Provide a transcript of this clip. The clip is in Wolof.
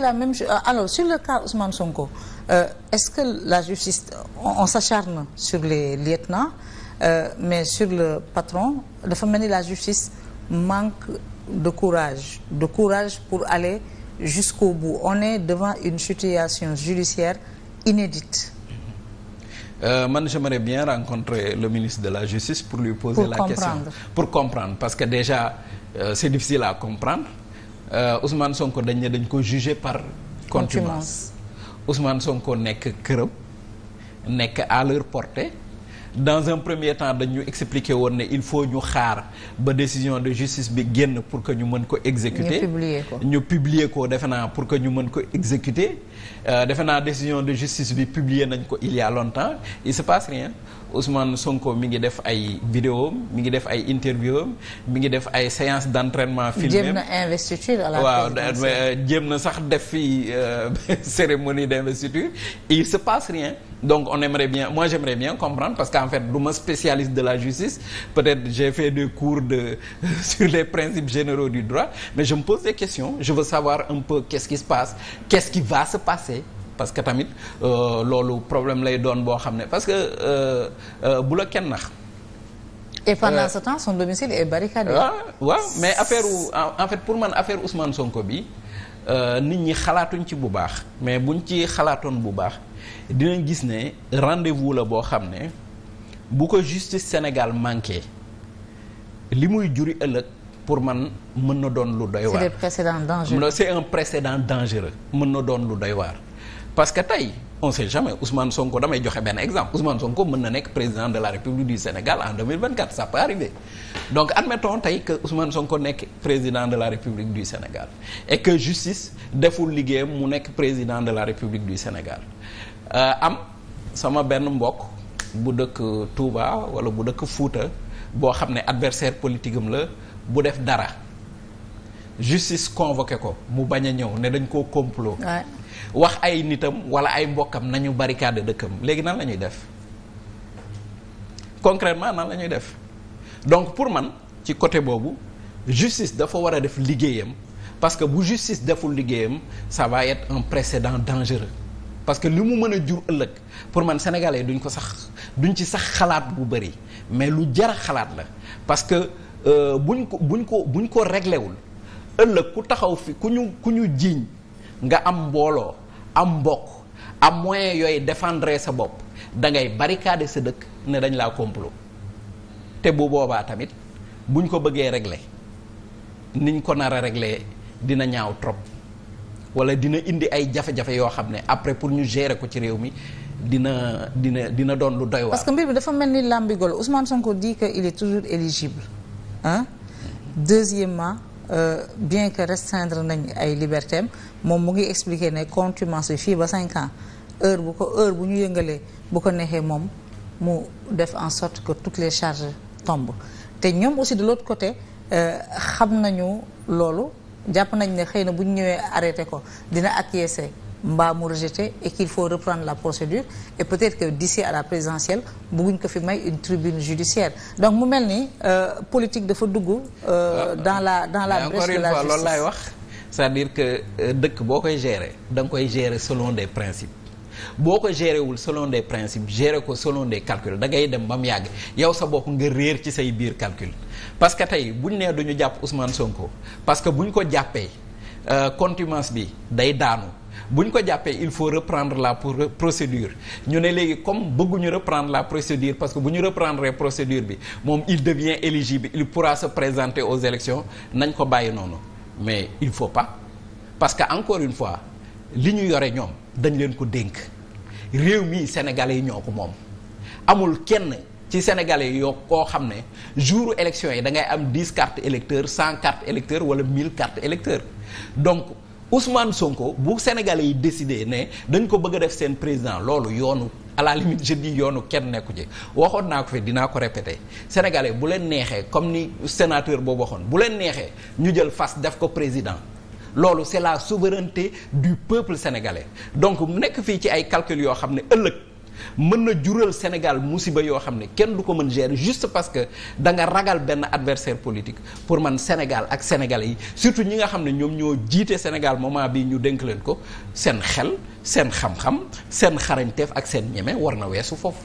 la même chose euh, alors sur le cas Ousmane Sonko euh, est-ce que la justice on, on s'acharne sur les lieutenants euh, mais sur le patron dafa mel ni la justice manque de courage de courage pour aller jusqu'au bout on est devant une situation judiciaire inédite Euh, man j'aimerais bien rencontrer le ministre de la Justice pour lui poser pour la question pour comprendre parce que déjà euh, c'est difficile à comprendre Euh, Ousmane Sonko dañ ne dañ ko jugé par contumace Ousmane Sonko nekk këram nekk à leur portée dans un premier temps dañu expliquer woon ne il faut ñu xaar ba décision de justice bi génn pour que ñu mën ko exécuter ñu publier ko defe naa pour que ñu mën ko exécuter euh, defe naa décision de justice bi publier nañ ko il y a longtemps il se passe rien Ousmane Sonko mi ngi def ay vidéo mi ngi def ay interview mi ngi def ay séance d'entraînement filmé jéem na investiture à waaw euh, jéem na sax def fi euh, cérémonie d'investiture il se passe rien donc on aimerait bien moi j'aimerais bien comprendre parce qu'en fait du ma spécialiste de la justice peut-être j'ai fait des cours de sur les principes généraux du droit mais je me pose des questions je veux savoir un peu qu'est-ce qui se passe qu'est-ce qui va se passer parce que tamit euh, loolu problème lay doon boo xam ne parce que euh, euh, bu la kenn nax et pendant euh, ce temps son domicile est barricadé. Ah, waaw mais affaire en fait pour man affaire Ousmane Sonko bi euh, nit ñi xalaatuñ ci bu baax mais buñ ci xalaatoon bu baax. dinañ gis ne rendez-vous la boo xam ne bu ko justice Sénégal manqué li muy juri ëllëg pour man mën na doon lu doy waar. c'est des un précédent dangereux mën na doon lu doy waar parce que tey on sait jamais son Sonko damay joxe benn exemple Ousmane Sonko mën na nekk président de la République du Sénégal en 2024 ça peut arriver donc admettons tey que usman Sonko nekk président de la République du Sénégal et que justice deful liggéeyam mu nekk président de la République du Sénégal Euh, am sama benn mbokk bu dëkk Touba wala bu dëkk Fuuta boo xam ne adversaire politique am la bu def dara justice convoqué ko mu bañ a ñëw ne dañ koo complot wax ay nitam wala ay mbokkam nañu barricade dëkkam léegi nan la ñuy def concrètement nan la def donc pour man ci côté boobu justice dafa war a def liggéeyam parce que bu justice deful liggéeyam ça va être un précédent dangereux parce que li mu mën a jur ëllëg pour man sénégalais duñ ko sax duñ ci sax xalaat bu bëri mais lu jar xalaat la parce que euh, buñ ko buñ ko buñ ko réglewul ëllëg ku taxaw fi ku ñu ku ñu jiiñ nga am mbooloo am mbokk am moyen yooyu défendre sa bopp da ngay barricade sa dëkk ne dañ laa complot te bu boobaa tamit buñ ko bëggee regle niñ ko nar regle dina ñaaw trop wala dina indi ay jafe-jafe yoo xam ne après pour ñu gérer ko ci réew mi dina dina dina doon lu doy waar. parce que mbir mi dafa mel ni lambigol Ousmane Sonko dit que il est toujours éligible ah deuxièmement euh, bien que restreindre nañ ay liberteem moom mu ngi expliquer ne contumace bi fii ba cinq ans heure bu ko heure bu ñu yëngalee bu ko neexee moom mu def en sorte que toutes les charges tombent te ñoom aussi de l'autre côté euh, xam nañu loolu. jàpp nañ ne xëy na bu ñu ñëwee arrêté ko dina ak acquiescer mbaa mu rejeté et qu'il faut reprendre la procédure et peut-être que d'ici à la présidentielle bëgguñ ko fi may une tribune judiciaire donc mu mel ni euh, politique dafa dugg. Euh, ah, dans la dans la brèche de la justice encore une loolu laay wax c'est-à-dire que euh, dëkk boo koy gérer da nga koy gérer selon des principes. boo ko géré wul selon des principes ko selon des calculs da ngay dem ba mu yàgg yow sa bopp nga réer ci say biir calcul parce que tey buñ nee duñu jàpp Ousmane Sonko parce que buñ ko jàppee euh, contumace bi day daanu bu ñu ko jàppee il faut reprendre la procédure ñu ne léegi comme bëgguñu reprendre la procédure parce que bu ñu reprendre procédure bi moom il devient éligible il pourra se présenter aux élections nañ ko bàyyi noonu mais il faut pas parce que encore une fois li ñu yore ñoom dañ leen ko dénk réew mii Sénégalais yi ñoo ko moom amul kenn ci Sénégalais yoo koo xam ne jouru élection yi da ngay am dix cartes électeurs cent cartes électeurs wala mille cartes électeurs donc Ousmane Sonko bu Sénégalais yi décidé ne dañ ko bëgg a def seen président loolu yoonu à la limite yoonu kenn nekku ci waxoon naa ko fi dinaa ko répété Sénégalais bu leen neexee comme ni senateur boobu waxoon bu leen neexee ñu jël fas def ko président. loolu c'est la souveraineté du peuple sénégalais donc mu nekk fii ci ay calcul yoo xam ne ëllëg mën na jural Sénégal musiba yoo xam ne kenn du ko mën gérer juste parce que danga ragal benn adversaire politique pour man Sénégal ak sénégalais yi surtout ñi nga xam ne ñoom ñoo jiite Sénégal moment bi ñu dénk leen ko seen xel seen xam-xam seen xarañteef ak seen ñeme war na weesu foofu.